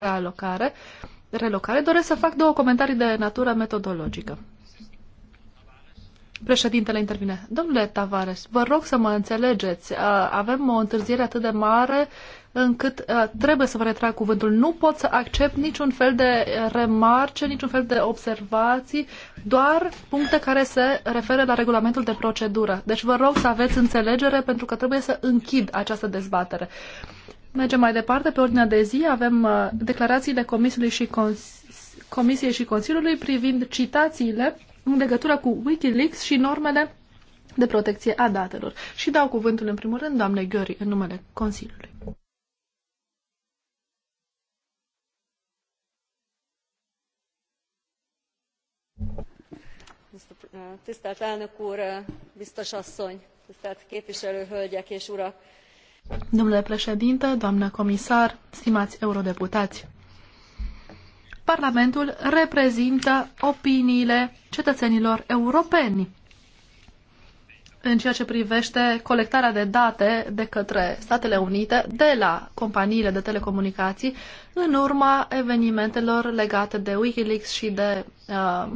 realocare, relocare, doresc să fac două comentarii de natură metodologică. Președintele intervine. Domnule Tavares, vă rog să mă înțelegeți. Avem o întârziere atât de mare încât trebuie să vă retrag cuvântul. Nu pot să accept niciun fel de remarce, niciun fel de observații, doar puncte care se referă la regulamentul de procedură. Deci vă rog să aveți înțelegere pentru că trebuie să închid această dezbatere. Mergem mai departe. Pe ordinea de zi avem uh, declarațiile Comisiei și, Cons- Comisiei și Consiliului privind citațiile în legătură cu Wikileaks și normele de protecție a datelor. Și dau cuvântul în primul rând doamnei Gări în numele Consiliului. Tisztelt elnök úr, biztos asszony, tisztelt képviselő hölgyek és urak! Domnule președinte, doamnă comisar, stimați eurodeputați, Parlamentul reprezintă opiniile cetățenilor europeni în ceea ce privește colectarea de date de către Statele Unite de la companiile de telecomunicații în urma evenimentelor legate de Wikileaks și de uh,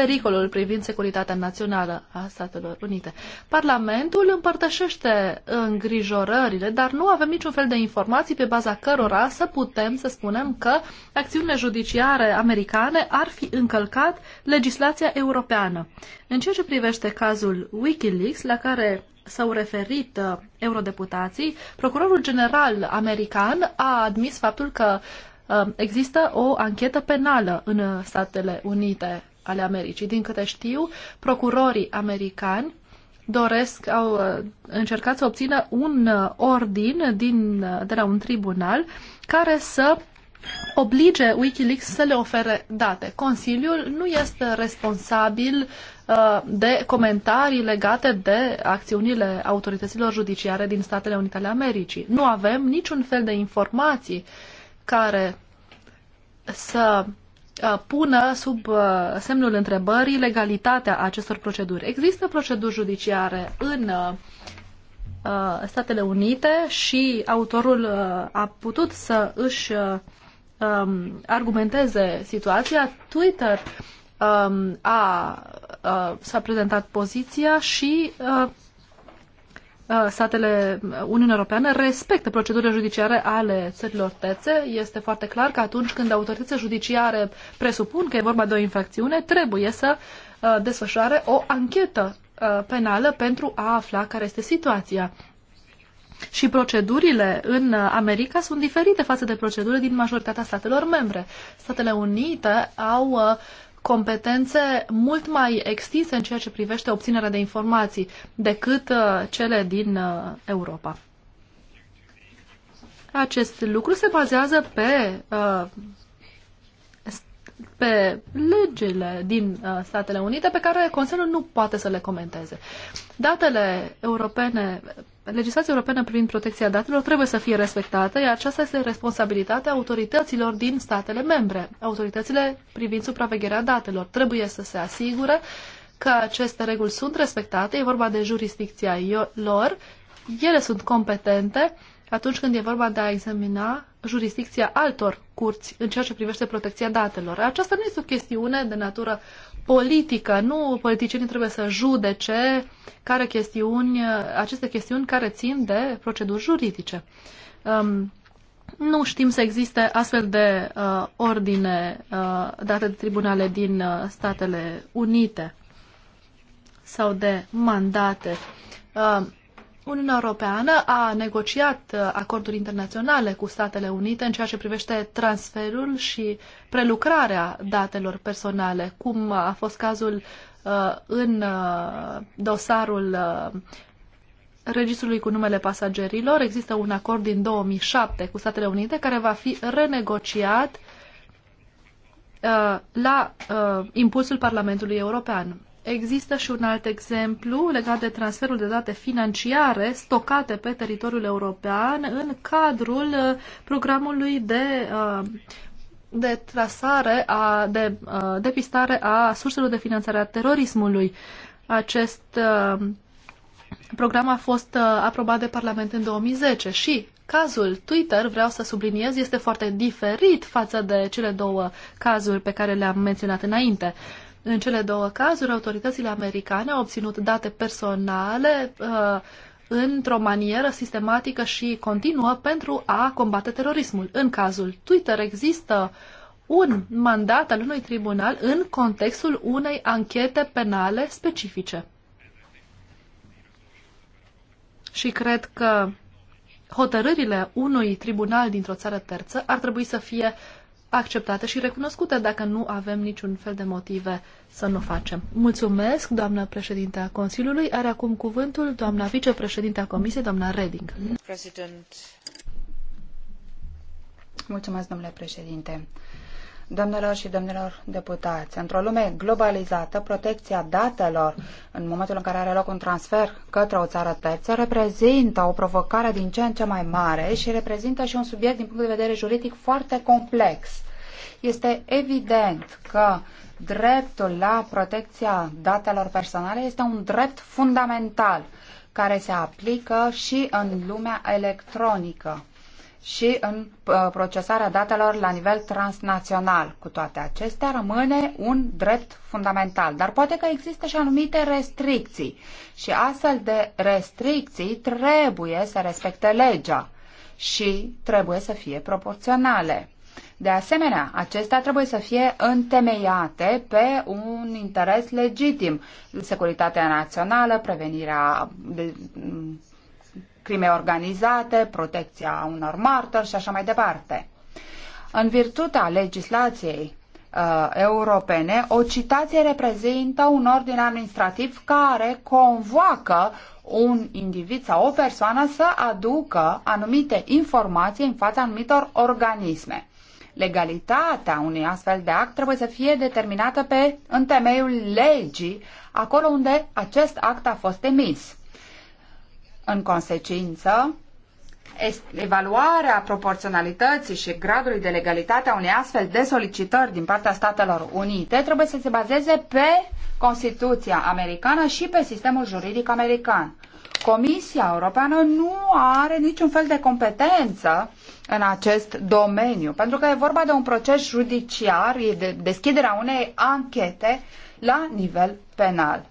pericolul privind securitatea națională a Statelor Unite. Parlamentul împărtășește îngrijorările, dar nu avem niciun fel de informații pe baza cărora să putem să spunem că acțiunile judiciare americane ar fi încălcat legislația europeană. În ceea ce privește cazul Wikileaks, la care s-au referit uh, eurodeputații, procurorul general american a admis faptul că uh, există o anchetă penală în Statele Unite ale Americii. Din câte știu, procurorii americani doresc, au uh, încercat să obțină un uh, ordin din, uh, de la un tribunal care să oblige Wikileaks să le ofere date. Consiliul nu este responsabil de comentarii legate de acțiunile autorităților judiciare din Statele Unite ale Americii. Nu avem niciun fel de informații care să Uh, pună sub uh, semnul întrebării legalitatea acestor proceduri. Există proceduri judiciare în uh, Statele Unite și autorul a putut să își um, argumenteze situația. Twitter um, a, a, s-a prezentat poziția și Uh, statele uh, Uniunii Europeană respectă procedurile judiciare ale țărilor tețe. Este foarte clar că atunci când autoritățile judiciare presupun că e vorba de o infracțiune, trebuie să uh, desfășoare o anchetă penală pentru a afla care este situația. Și procedurile în America sunt diferite față de procedurile din majoritatea statelor membre. Statele Unite au competențe mult mai extinse în ceea ce privește obținerea de informații decât uh, cele din uh, Europa. Acest lucru se bazează pe, uh, pe legile din Statele Unite pe care Consiliul nu poate să le comenteze. Datele europene legislația europeană privind protecția datelor trebuie să fie respectată, iar aceasta este responsabilitatea autorităților din statele membre. Autoritățile privind supravegherea datelor trebuie să se asigure că aceste reguli sunt respectate, e vorba de jurisdicția lor, ele sunt competente atunci când e vorba de a examina jurisdicția altor curți în ceea ce privește protecția datelor. Aceasta nu este o chestiune de natură politică. Nu politicienii trebuie să judece care chestiuni, aceste chestiuni care țin de proceduri juridice. Um, nu știm să existe astfel de uh, ordine uh, date de tribunale din uh, Statele Unite sau de mandate. Uh, Uniunea Europeană a negociat uh, acorduri internaționale cu Statele Unite în ceea ce privește transferul și prelucrarea datelor personale, cum a fost cazul uh, în uh, dosarul uh, registrului cu numele pasagerilor. Există un acord din 2007 cu Statele Unite care va fi renegociat uh, la uh, impulsul Parlamentului European. Există și un alt exemplu legat de transferul de date financiare stocate pe teritoriul european în cadrul uh, programului de, uh, de trasare, a, de uh, depistare a surselor de finanțare a terorismului. Acest program a fost aprobat de Parlament în 2010 și Cazul Twitter, vreau să subliniez, este foarte diferit față de cele două cazuri pe care le-am menționat înainte. În cele două cazuri, autoritățile americane au obținut date personale uh, într-o manieră sistematică și continuă pentru a combate terorismul. În cazul Twitter există un mandat al unui tribunal în contextul unei anchete penale specifice. Și cred că hotărârile unui tribunal dintr-o țară terță ar trebui să fie acceptate și recunoscute dacă nu avem niciun fel de motive să nu facem. Mulțumesc, doamna președinte a Consiliului. Are acum cuvântul doamna vicepreședinte a Comisiei, doamna Reding. President. Mulțumesc, domnule președinte. Doamnelor și domnilor deputați, într-o lume globalizată, protecția datelor în momentul în care are loc un transfer către o țară terță reprezintă o provocare din ce în ce mai mare și reprezintă și un subiect din punct de vedere juridic foarte complex. Este evident că dreptul la protecția datelor personale este un drept fundamental care se aplică și în lumea electronică și în uh, procesarea datelor la nivel transnațional. Cu toate acestea, rămâne un drept fundamental, dar poate că există și anumite restricții și astfel de restricții trebuie să respecte legea și trebuie să fie proporționale. De asemenea, acestea trebuie să fie întemeiate pe un interes legitim. Securitatea națională, prevenirea crime organizate, protecția unor martori și așa mai departe. În virtutea legislației uh, europene, o citație reprezintă un ordin administrativ care convoacă un individ sau o persoană să aducă anumite informații în fața anumitor organisme. Legalitatea unui astfel de act trebuie să fie determinată pe în temeiul legii, acolo unde acest act a fost emis. În consecință, evaluarea proporționalității și gradului de legalitate a unei astfel de solicitări din partea Statelor Unite trebuie să se bazeze pe Constituția americană și pe sistemul juridic american. Comisia Europeană nu are niciun fel de competență în acest domeniu, pentru că e vorba de un proces judiciar, e de deschiderea unei anchete la nivel penal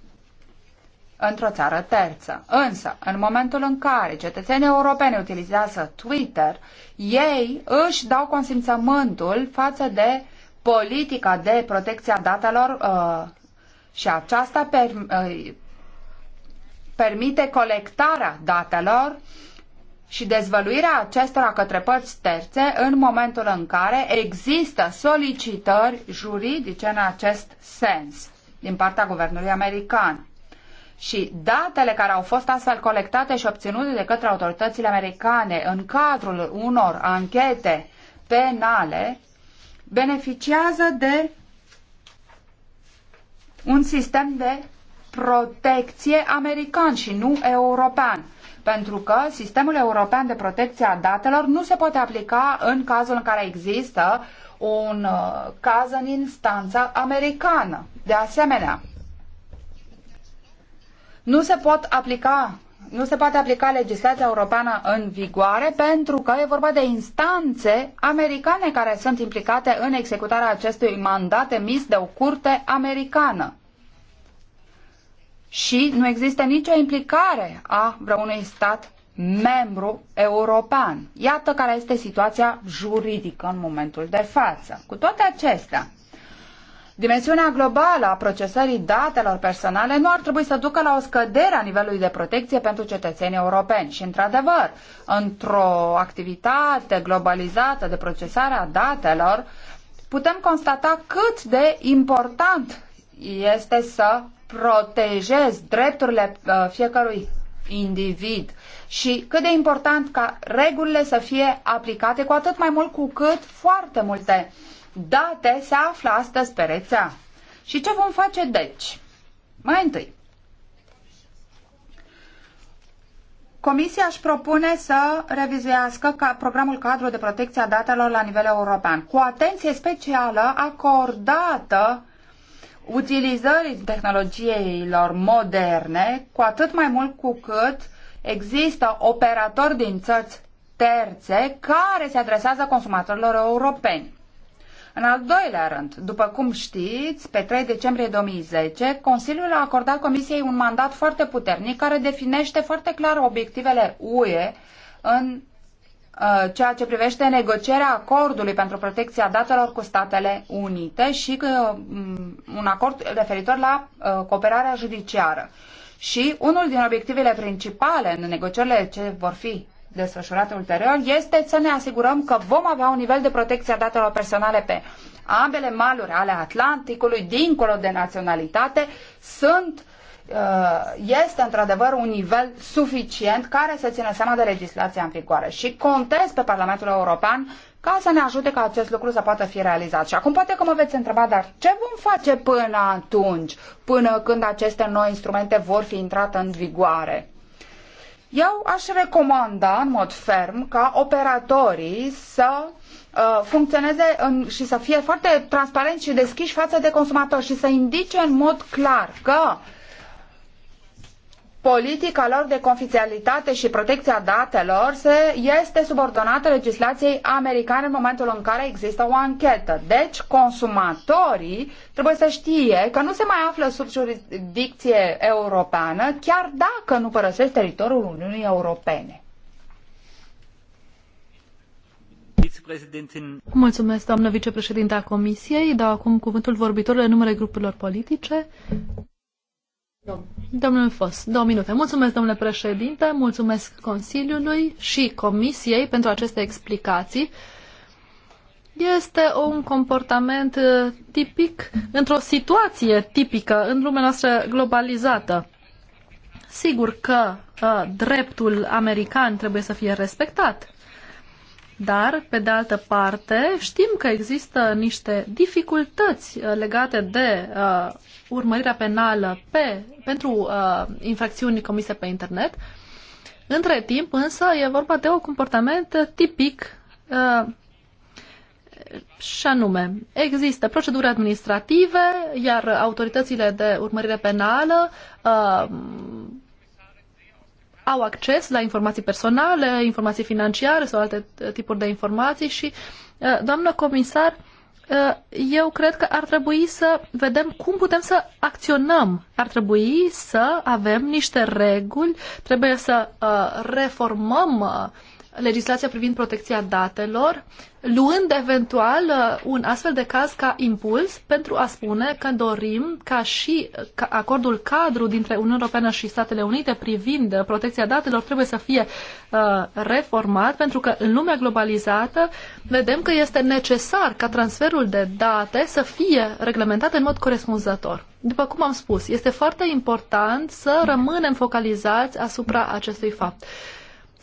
într-o țară terță. Însă, în momentul în care cetățenii europeni utilizează Twitter, ei își dau consimțământul față de politica de protecție a datelor uh, și aceasta per, uh, permite colectarea datelor și dezvăluirea acestora către părți terțe în momentul în care există solicitări juridice în acest sens din partea guvernului american și datele care au fost astfel colectate și obținute de către autoritățile americane în cadrul unor anchete penale beneficiază de un sistem de protecție american și nu european. Pentru că sistemul european de protecție a datelor nu se poate aplica în cazul în care există un uh, caz în instanța americană. De asemenea, nu se pot aplica nu se poate aplica legislația europeană în vigoare pentru că e vorba de instanțe americane care sunt implicate în executarea acestui mandat emis de o curte americană. Și nu există nicio implicare a vreunui stat membru european. Iată care este situația juridică în momentul de față. Cu toate acestea, Dimensiunea globală a procesării datelor personale nu ar trebui să ducă la o scădere a nivelului de protecție pentru cetățenii europeni. Și, într-adevăr, într-o activitate globalizată de procesare a datelor, putem constata cât de important este să protejezi drepturile uh, fiecărui individ și cât de important ca regulile să fie aplicate, cu atât mai mult cu cât foarte multe uh, date se află astăzi pe rețea. Și ce vom face deci? Mai întâi, Comisia își propune să revizuiască ca programul cadru de protecție a datelor la nivel european, cu atenție specială acordată utilizării tehnologiilor moderne, cu atât mai mult cu cât există operatori din țări terțe care se adresează consumatorilor europeni. În al doilea rând, după cum știți, pe 3 decembrie 2010, Consiliul a acordat Comisiei un mandat foarte puternic care definește foarte clar obiectivele UE în uh, ceea ce privește negocierea acordului pentru protecția datelor cu Statele Unite și uh, un acord referitor la uh, cooperarea judiciară. Și unul din obiectivele principale în negocierile ce vor fi desfășurate ulterior este să ne asigurăm că vom avea un nivel de protecție a datelor personale pe ambele maluri ale Atlanticului, dincolo de naționalitate, sunt uh, este într-adevăr un nivel suficient care să țină seama de legislația în vigoare și contez pe Parlamentul European ca să ne ajute ca acest lucru să poată fi realizat. Și acum poate că mă veți întreba, dar ce vom face până atunci, până când aceste noi instrumente vor fi intrate în vigoare? Eu aș recomanda în mod ferm ca operatorii să uh, funcționeze în, și să fie foarte transparenți și deschiși față de consumatori și să indice în mod clar că uh, politica lor de confidențialitate și protecția datelor se, este subordonată legislației americane în momentul în care există o anchetă. Deci, consumatorii trebuie să știe că nu se mai află sub jurisdicție europeană, chiar dacă nu părăsesc teritoriul Uniunii Europene. Mulțumesc, doamnă vicepreședinte a Comisiei. Dau acum cuvântul vorbitorilor numele grupurilor politice. Domnul Fos, două minute. Mulțumesc, domnule președinte, mulțumesc Consiliului și Comisiei pentru aceste explicații. Este un comportament uh, tipic într-o situație tipică în lumea noastră globalizată. Sigur că uh, dreptul american trebuie să fie respectat, dar, pe de altă parte, știm că există niște dificultăți uh, legate de uh, urmărirea penală pe, pentru uh, infracțiuni comise pe internet. Între timp, însă, e vorba de un comportament tipic uh, și anume, există proceduri administrative, iar autoritățile de urmărire penală uh, au acces la informații personale, informații financiare sau alte uh, tipuri de informații și, uh, doamnă comisar, uh, eu cred că ar trebui să vedem cum putem să acționăm. Ar trebui să avem niște reguli, trebuie să reformăm legislația privind protecția datelor, luând eventual uh, un astfel de caz ca impuls pentru a spune că dorim ca și uh, acordul cadru dintre Uniunea Europeană și Statele Unite privind uh, protecția datelor trebuie să fie reformat, pentru că în lumea globalizată vedem că este necesar ca transferul de date să fie reglementat în mod corespunzător. După cum am spus, este foarte important să rămânem focalizați asupra acestui fapt.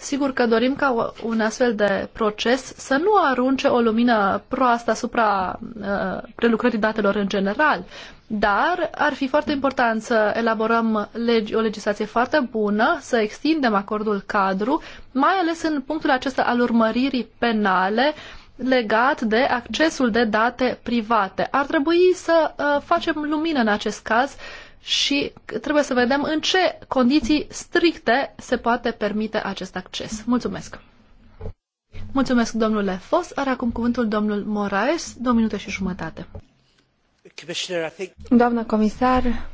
Sigur că dorim ca un astfel de proces să nu arunce o lumină proastă asupra uh, prelucrării datelor în general, dar ar fi foarte important să elaborăm legi, o legislație foarte bună, să extindem acordul cadru, mai ales în punctul acesta al urmăririi penale legat de accesul de date private. Ar trebui să uh, facem lumină în acest caz uh, și trebuie să vedem în ce condiții stricte se poate permite acest acces. Mulțumesc! Mulțumesc, domnule Fos. Are acum cuvântul domnul Moraes, două minute și jumătate. Doamnă comisar,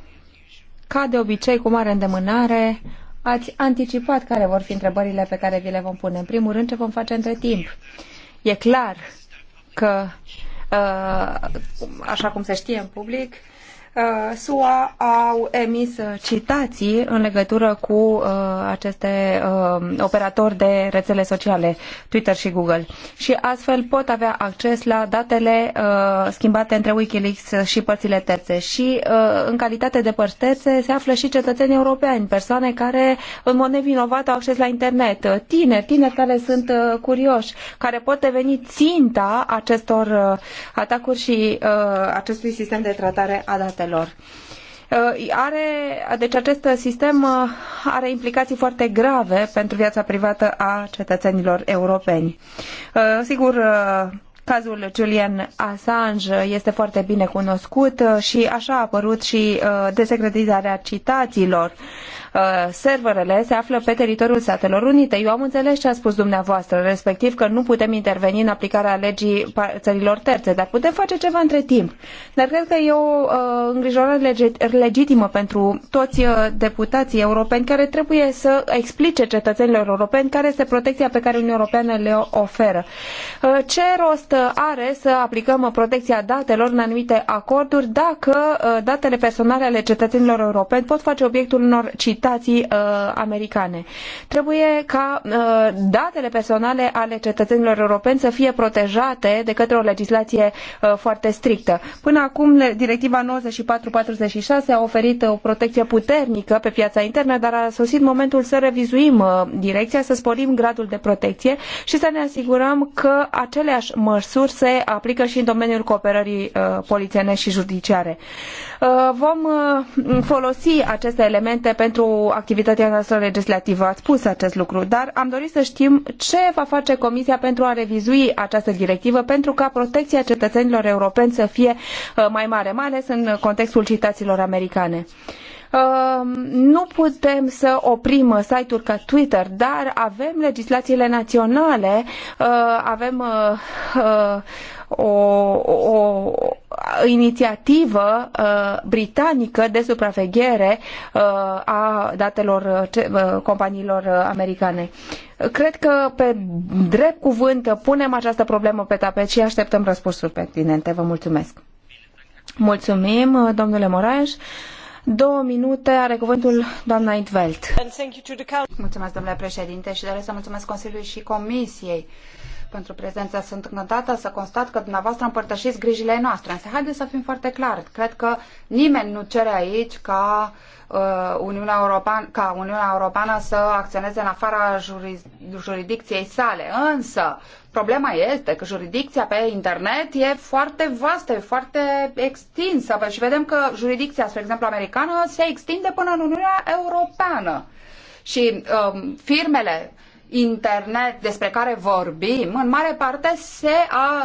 ca de obicei, cu mare îndemânare, ați anticipat care vor fi întrebările pe care vi le vom pune. În primul rând, ce vom face între timp. E clar că, uh, așa cum se știe în public, Uh, SUA au emis citații în legătură cu uh, aceste uh, operatori de rețele sociale, Twitter și Google. Și astfel pot avea acces la datele schimbate între Wikileaks și părțile terțe. Și în calitate de părți terțe se află și cetățeni europeni, persoane care în mod nevinovat au acces la internet, tineri, tineri care sunt curioși, care pot deveni ținta acestor atacuri și acestui sistem de tratare a datelor datelor. Uh, are, deci acest sistem uh, are implicații foarte grave pentru viața privată a cetățenilor europeni. Uh, sigur, Cazul Julian Assange este foarte bine cunoscut și așa a apărut și desecretizarea citațiilor. Uh, serverele se află pe teritoriul Statelor Unite. Eu am înțeles ce a spus dumneavoastră, respectiv că nu putem interveni în aplicarea legii țărilor terțe, dar putem face ceva între timp. Dar cred că e o uh, îngrijorare legitimă pentru toți uh, deputații europeni care trebuie să explice cetățenilor europeni care este protecția pe care Uniunea Europeană le oferă. Ce rost are să aplicăm protecția datelor în anumite acorduri dacă datele personale ale cetățenilor europeni pot face obiectul unor citări uh, americane. Trebuie ca uh, datele personale ale cetățenilor europeni să fie protejate de către o legislație uh, foarte strictă. Până acum, directiva 94/46 a oferit o protecție puternică pe piața internă, dar a sosit momentul să revizuim uh, direcția, să sporim gradul de protecție și să ne asigurăm că aceleași măsuri se aplică și în domeniul cooperării polițiene și judiciare. Vom folosi aceste elemente pentru activitatea noastră legislativă. Ați spus acest lucru, dar am dorit să știm ce va face Comisia pentru a revizui această directivă pentru ca protecția cetățenilor europeni să fie uh, mai mare, mai ales în contextul citațiilor americane. Uh, Um, nu putem să oprim site-uri ca Twitter, dar avem legislațiile naționale, uh, avem uh, uh, o, o, o inițiativă uh, britanică de supraveghere uh, a datelor uh, companiilor americane. Cred că pe drept cuvânt punem această problemă pe tapet și așteptăm răspunsuri pertinente. Vă mulțumesc. Mulțumim, domnule Moraes. Două minute are cuvântul doamna Intveld. Mulțumesc, domnule președinte, și doresc să mulțumesc Consiliului și Comisiei pentru prezența. Sunt încântată să constat că dumneavoastră împărtășiți grijile noastre. Însă haideți să fim foarte clari. Cred că nimeni nu cere aici ca, uh, Uniunea, European, ca Uniunea Europeană să acționeze în afara juris, juridicției sale. Însă problema este că juridicția pe internet e foarte vastă, e foarte extinsă și vedem că juridicția, spre exemplu, americană se extinde până în Uniunea Europeană. Și um, firmele internet despre care vorbim, în mare parte se a,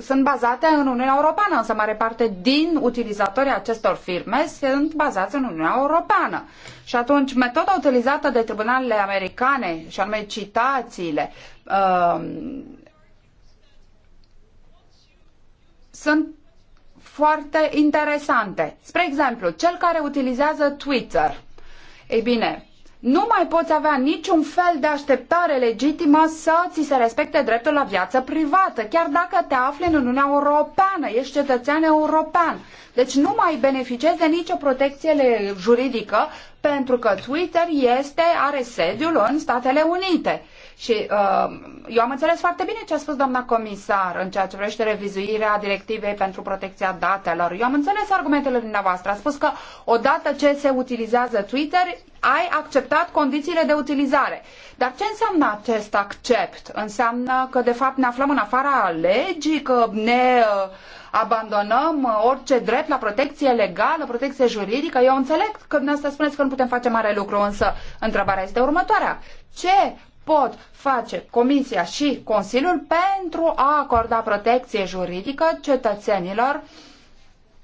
sunt bazate în Uniunea Europeană, însă mare parte din utilizatorii acestor firme sunt bazați în Uniunea Europeană. Și atunci, metoda utilizată de tribunalele americane, și anume citațiile, uh, sunt foarte interesante. Spre exemplu, cel care utilizează Twitter. Ei bine, nu mai poți avea niciun fel de așteptare legitimă să ți se respecte dreptul la viață privată, chiar dacă te afli în Uniunea Europeană, ești cetățean european. Deci nu mai beneficiezi de nicio protecție juridică pentru că Twitter este, are sediul în Statele Unite. Și uh, eu am înțeles foarte bine ce a spus doamna comisar în ceea ce privește revizuirea directivei pentru protecția datelor. Eu am înțeles argumentele dumneavoastră. A spus că odată ce se utilizează Twitter, ai acceptat condițiile de utilizare. Dar ce înseamnă acest accept? Înseamnă că de fapt ne aflăm în afara legii, că ne uh, abandonăm uh, orice drept la protecție legală, protecție juridică. Eu înțeleg că dumneavoastră spuneți că nu putem face mare lucru, însă întrebarea este următoarea. Ce pot face Comisia și Consiliul pentru a acorda protecție juridică cetățenilor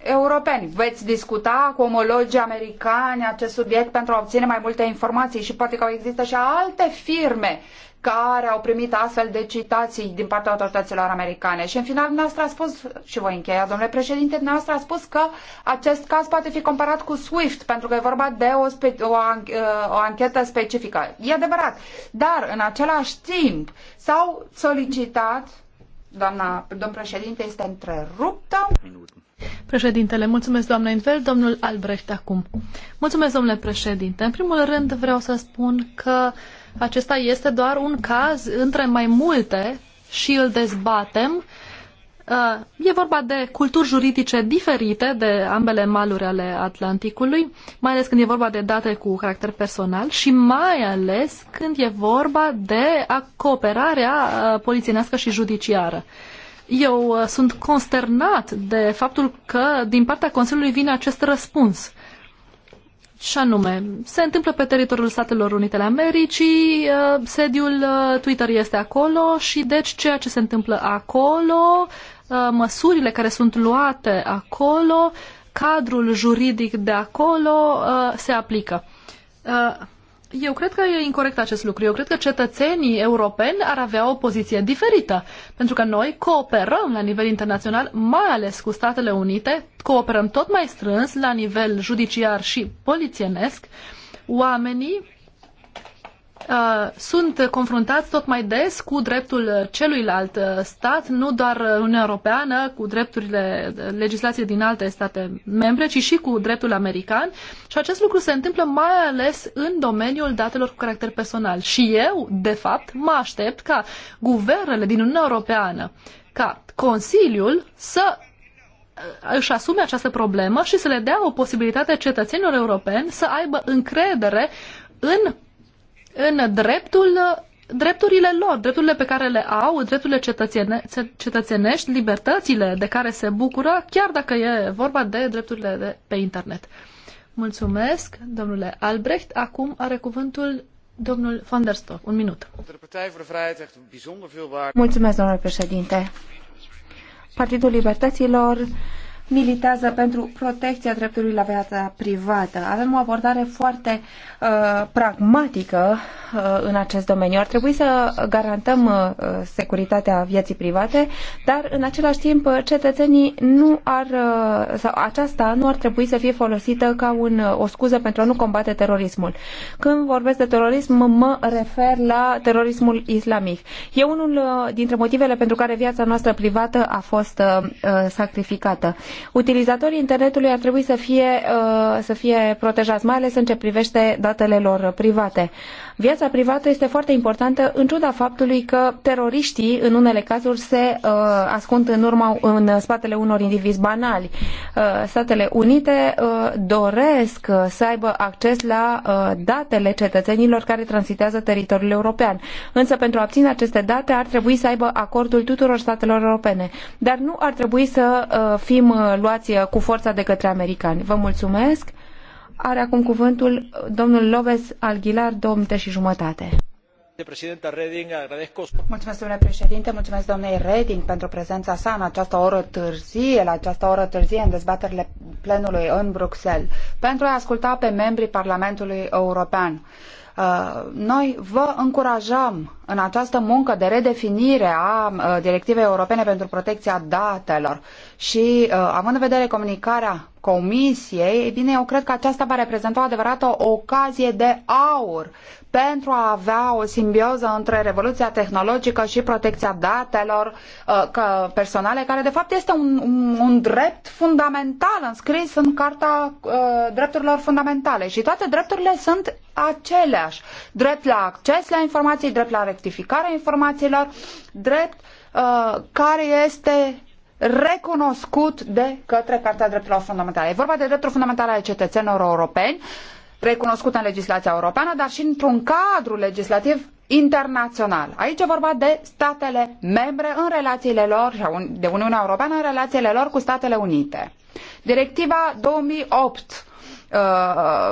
europeni. Veți discuta cu omologii americani acest subiect pentru a obține mai multe informații și poate că există și alte firme care au primit astfel de citații din partea autorităților americane. Și în final, dumneavoastră a spus, și voi încheia, domnule președinte, dumneavoastră a spus că acest caz poate fi comparat cu SWIFT, pentru că e vorba de o, spe- o, an- o anchetă specifică. E adevărat. Dar, în același timp, s-au solicitat, doamna, domn președinte, este întreruptă. Președintele, mulțumesc doamna Invel, domnul Albrecht acum. Mulțumesc, domnule președinte. În primul rând vreau să spun că acesta este doar un caz între mai multe și îl dezbatem. Uh, e vorba de culturi juridice diferite de ambele maluri ale Atlanticului, mai ales când e vorba de date cu caracter personal și mai ales când e vorba de cooperarea uh, polițienească și judiciară. Eu uh, sunt consternat de faptul că din partea Consiliului vine acest răspuns. Uh, și anume, se întâmplă pe teritoriul Statelor Unite ale Americii, uh, sediul uh, Twitter este acolo și deci ceea ce se întâmplă acolo, uh, măsurile care sunt luate acolo, cadrul juridic de acolo se aplică. Eu cred că e incorrect acest lucru. Eu cred că cetățenii europeni ar avea o poziție diferită, pentru că noi cooperăm la nivel internațional, mai ales cu Statele Unite, cooperăm tot mai strâns la nivel judiciar și polițienesc. Oamenii Uh, sunt confruntați tot mai des cu dreptul celuilalt uh, stat, nu doar Uniunea Europeană, cu drepturile legislației din alte state membre, ci și cu dreptul american. Și acest lucru se întâmplă mai ales în domeniul datelor cu caracter personal. Și eu, de fapt, mă aștept ca guvernele din Uniunea Europeană, ca Consiliul să uh, își asume această problemă și să le dea o posibilitate cetățenilor europeni să aibă încredere în în dreptul, drepturile lor, drepturile pe care le au, drepturile cetățene, cetățenești, libertățile de care se bucură, chiar dacă e vorba de drepturile de pe internet. Mulțumesc, domnule Albrecht. Acum are cuvântul domnul Van der Stock. Un minut. Mulțumesc, domnule președinte. Partidul Libertăților militează pentru protecția dreptului la viața privată. Avem o abordare foarte uh, pragmatică uh, în acest domeniu. Ar trebui să garantăm uh, securitatea vieții private, dar în același timp uh, cetățenii nu ar, uh, sau aceasta nu ar trebui să fie folosită ca un, uh, o scuză pentru a nu combate terorismul. Când vorbesc de terorism, mă refer la terorismul islamic. E unul uh, dintre motivele pentru care viața noastră privată a fost uh, uh sacrificată utilizatorii internetului ar trebui să fie, uh, să fie protejați, mai ales în ce privește datele lor private. Viața privată este foarte importantă, în ciuda faptului că teroriștii, în unele cazuri, se uh, ascund în, urma, în spatele unor indivizi banali. Uh, Statele Unite uh, doresc să aibă acces la uh, datele cetățenilor care transitează teritoriul european. Însă, pentru a obține aceste date, ar trebui să aibă acordul tuturor statelor europene. Dar nu ar trebui să uh, fim uh, luați uh, cu forța de către americani. Vă mulțumesc. Are acum cuvântul domnul Lopez Alghilar, două minute și jumătate. Mulțumesc, domnule președinte, mulțumesc doamnei Reding pentru prezența sa în această oră târzie, la această oră târzie în dezbaterile plenului în Bruxelles, pentru a asculta pe membrii Parlamentului European Uh, noi vă încurajăm în această muncă de redefinire a uh, Directivei Europene pentru Protecția Datelor și uh, având în vedere comunicarea Comisiei, ei bine, eu cred că aceasta va reprezenta o adevărată ocazie de aur pentru a avea o simbioză între revoluția tehnologică și protecția datelor personale, care de fapt este un, un, un drept fundamental înscris în Carta Drepturilor Fundamentale și toate drepturile sunt aceleași. Drept la acces la informații, drept la rectificarea informațiilor, drept uh, care este recunoscut de către Cartea Drepturilor Fundamentale. E vorba de drepturi fundamentale ale cetățenilor europeni, recunoscut în legislația europeană, dar și într-un cadru legislativ internațional. Aici e vorba de statele membre în relațiile lor, de Uniunea Europeană în relațiile lor cu Statele Unite. Directiva 2008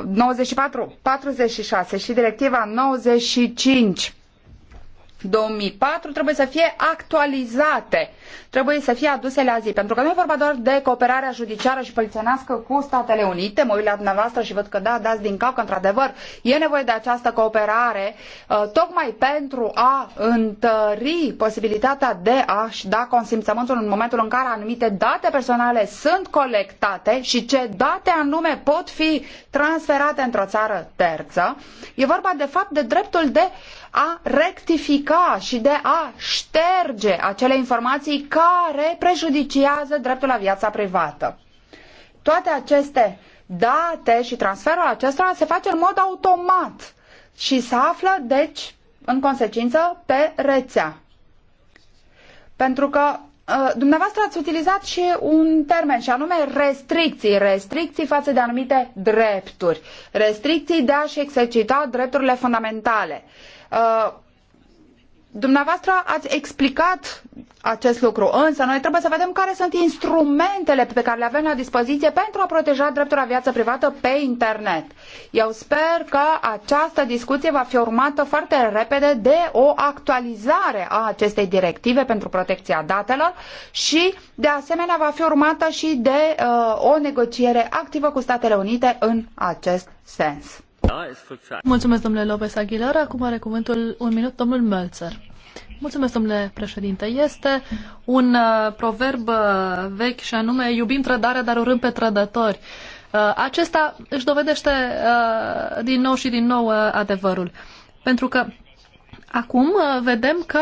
94, uh, 46 și directiva 95 2004 trebuie să fie actualizate, trebuie să fie aduse la zi, pentru că nu e vorba doar de cooperarea judiciară și poliționească cu Statele Unite, mă uit la dumneavoastră și văd că da, dați din cap că într-adevăr e nevoie de această cooperare uh, tocmai pentru a întări posibilitatea de a-și da consimțământul în momentul în care anumite date personale sunt colectate și ce date anume pot fi transferate într-o țară terță. E vorba de fapt de dreptul de a rectifica și de a șterge acele informații care prejudiciază dreptul la viața privată. Toate aceste date și transferul acestora se face în mod automat și se află, deci, în consecință, pe rețea. Pentru că ă, dumneavoastră ați utilizat și un termen și anume restricții, restricții față de anumite drepturi, restricții de a-și exercita drepturile fundamentale. Uh, dumneavoastră ați explicat acest lucru, însă noi trebuie să vedem care sunt instrumentele pe care le avem la dispoziție pentru a proteja dreptul la viață privată pe internet. Eu sper că această discuție va fi urmată foarte repede de o actualizare a acestei directive pentru protecția datelor și, de asemenea, va fi urmată și de uh, o negociere activă cu Statele Unite în acest sens. Mulțumesc, domnule Lopez Aguilar. Acum are cuvântul un minut domnul Mölzer. Mulțumesc, domnule președinte. Este un uh, proverb uh, vechi și anume iubim trădarea, dar urâm pe trădători. Uh, acesta își dovedește uh, din nou și din nou uh, adevărul. Pentru că acum uh, vedem că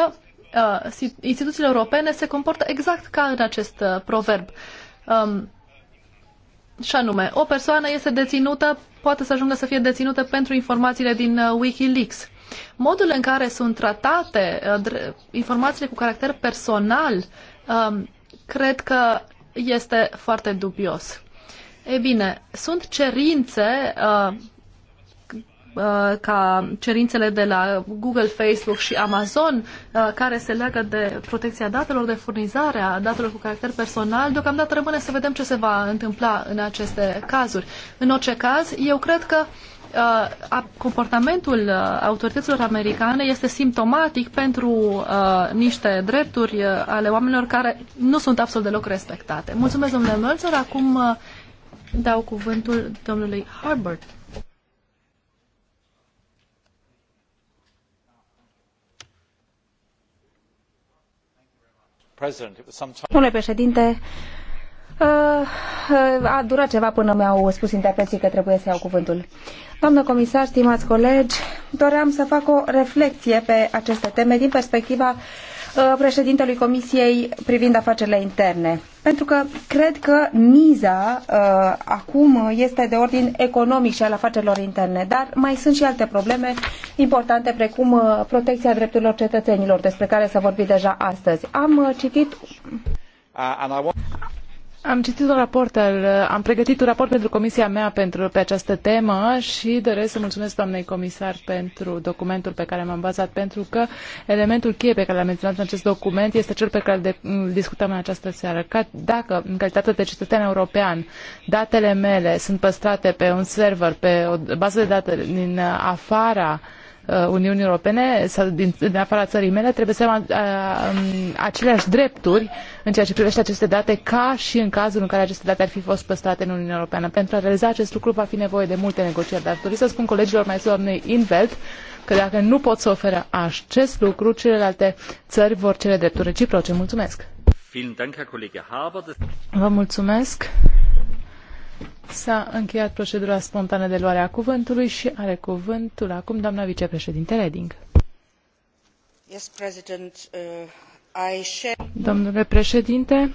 uh, instituțiile europene se comportă exact ca în acest uh, proverb. Um, și anume, o persoană este deținută, poate să ajungă să fie deținută pentru informațiile din uh, Wikileaks. Modul în care sunt tratate uh, informațiile cu caracter personal, um, cred că este foarte dubios. Ei bine, sunt cerințe uh, Uh, ca cerințele de la Google, Facebook și Amazon, uh, care se leagă de protecția datelor, de furnizarea datelor cu caracter personal, deocamdată rămâne să vedem ce se va întâmpla în aceste cazuri. În orice caz, eu cred că uh, comportamentul autorităților americane este simptomatic pentru niște drepturi ale oamenilor care nu sunt absolut deloc respectate. Mulțumesc, domnule Mölzer. Acum dau cuvântul domnului Harbert. Domnule președinte, uh, uh, a durat ceva până mi-au spus interpreții că trebuie să iau cuvântul. Doamnă comisar, stimați colegi, doream să fac o reflexie pe aceste teme din perspectiva Uh, președintelui Comisiei privind afacerile interne. Pentru că cred că miza uh, acum este de ordin economic și al afacerilor interne, dar mai sunt și alte probleme importante, precum uh, protecția drepturilor cetățenilor, despre care s-a vorbit deja astăzi. Am uh, citit uh, am citit un raport, am pregătit un raport pentru comisia mea pentru, pe această temă și doresc să mulțumesc doamnei comisar pentru documentul pe care m-am bazat, pentru că elementul cheie pe care l-am menționat în acest document este cel pe care de, îl discutăm în această seară. Ca, dacă, în calitate de cetățean european, datele mele sunt păstrate pe un server, pe o bază de date din afara uh, Uh, Uniunii Europene sau din, din afara țării mele trebuie să am uh, um, aceleași drepturi în ceea ce privește aceste date ca și în cazul în care aceste date ar fi fost păstrate în Uniunea Europeană. Pentru a realiza acest lucru va fi nevoie de multe negocieri, dar dori să spun colegilor mai doamnei Invelt că dacă nu pot să oferă acest lucru, celelalte țări vor cere drepturi reciproce. Mulțumesc! Vă mulțumesc! S-a încheiat procedura spontană de luare a cuvântului și are cuvântul acum doamna vicepreședinte Reding. Yes, uh, share... Domnule președinte,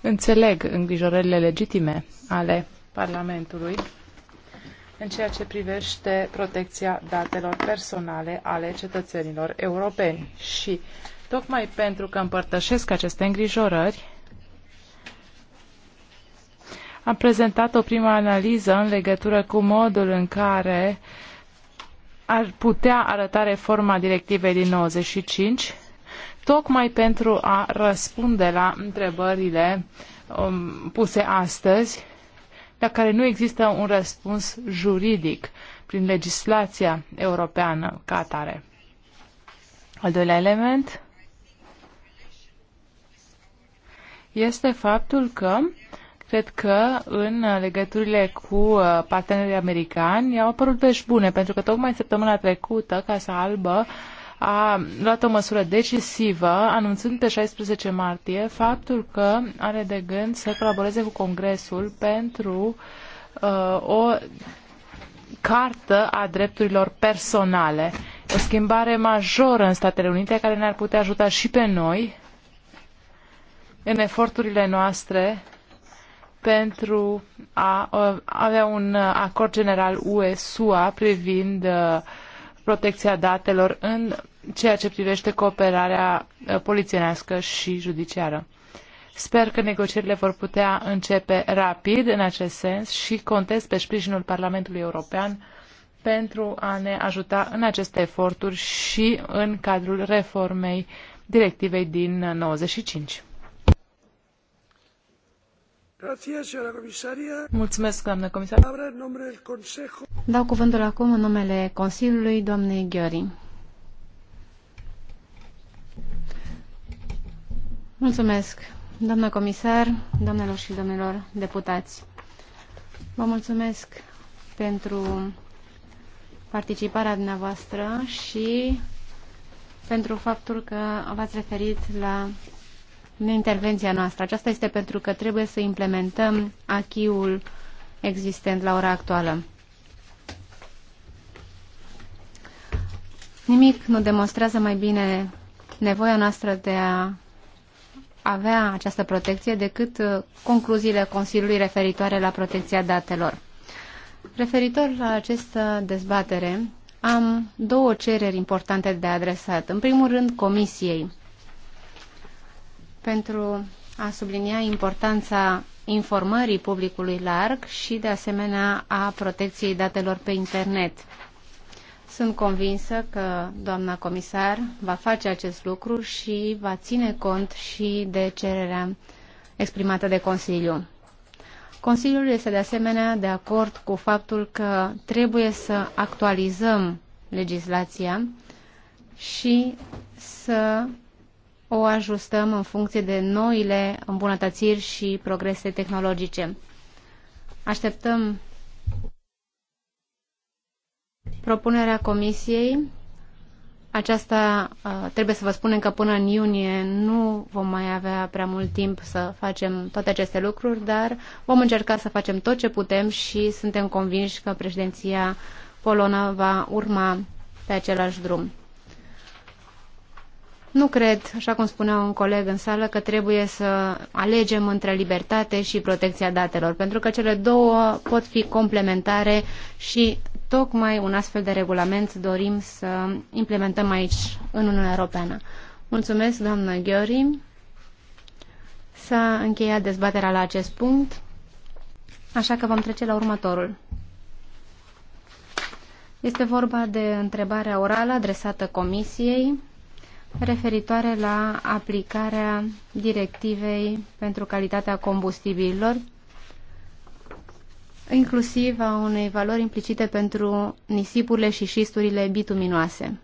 înțeleg îngrijorările legitime ale Parlamentului în ceea ce privește protecția datelor personale ale cetățenilor europeni și tocmai pentru că împărtășesc aceste îngrijorări, am prezentat o primă analiză în legătură cu modul în care ar putea arăta reforma directivei din 95, tocmai pentru a răspunde la întrebările um, puse astăzi, la care nu există un răspuns juridic prin legislația europeană ca atare. Al doilea element este faptul că Cred că în legăturile cu uh, partenerii americani au apărut vești bune, pentru că tocmai săptămâna trecută Casa Albă a luat o măsură decisivă, anunțând pe 16 martie faptul că are de gând să colaboreze cu Congresul pentru uh, o cartă a drepturilor personale. O schimbare majoră în Statele Unite care ne-ar putea ajuta și pe noi în eforturile noastre pentru a avea un acord general UE-SUA privind uh, protecția datelor în ceea ce privește cooperarea uh, polițienească și judiciară. Sper că negocierile vor putea începe rapid în acest sens și contez pe sprijinul Parlamentului European pentru a ne ajuta în aceste eforturi și în cadrul reformei directivei din 95. Mulțumesc, comisar. Dau cuvântul acum în numele Consiliului doamnei Gheori. Mulțumesc, doamnă comisar, doamnelor și domnilor deputați. Vă mulțumesc pentru participarea dumneavoastră și pentru faptul că v-ați referit la în intervenția noastră. Aceasta este pentru că trebuie să implementăm achiul existent la ora actuală. Nimic nu demonstrează mai bine nevoia noastră de a avea această protecție decât uh, concluziile Consiliului referitoare la protecția datelor. Referitor la această dezbatere, am două cereri importante de adresat. În primul rând, Comisiei pentru a sublinia importanța informării publicului larg și, de asemenea, a protecției datelor pe internet. Sunt convinsă că doamna comisar va face acest lucru și va ține cont și de cererea exprimată de Consiliu. Consiliul este de asemenea de acord cu faptul că trebuie să actualizăm legislația și să o ajustăm în funcție de noile îmbunătățiri și progrese tehnologice. Așteptăm propunerea comisiei. Aceasta uh, trebuie să vă spunem că până în iunie nu vom mai avea prea mult timp să facem toate aceste lucruri, dar vom încerca să facem tot ce putem și suntem convinși că președinția polonă va urma pe același drum. Nu cred, așa cum spunea un coleg în sală, că trebuie să alegem între libertate și protecția datelor, pentru că cele două pot fi complementare și tocmai un astfel de regulament dorim să implementăm aici, în Uniunea Europeană. Mulțumesc, doamnă Ghiori. S-a încheiat dezbaterea la acest punct, așa că vom trece la următorul. Este vorba de întrebarea orală adresată Comisiei referitoare la aplicarea directivei pentru calitatea combustibililor, inclusiv a unei valori implicite pentru nisipurile și șisturile bituminoase.